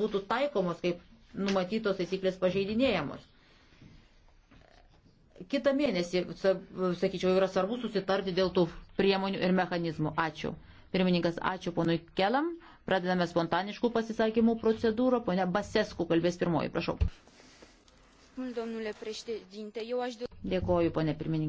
būtų taikomos, kaip numatytos taisyklės pažeidinėjamos. Kita mėnesį, sakyčiau, yra svarbu susitarti dėl tų priemonių ir mechanizmų. Ačiū. Pirmininkas, ačiū ponui Keliam. Pradedame spontaniškų pasisakymų procedūrą. Pone Basesku kalbės pirmoji, prašau. Dėkoju, ponė pirmininkė.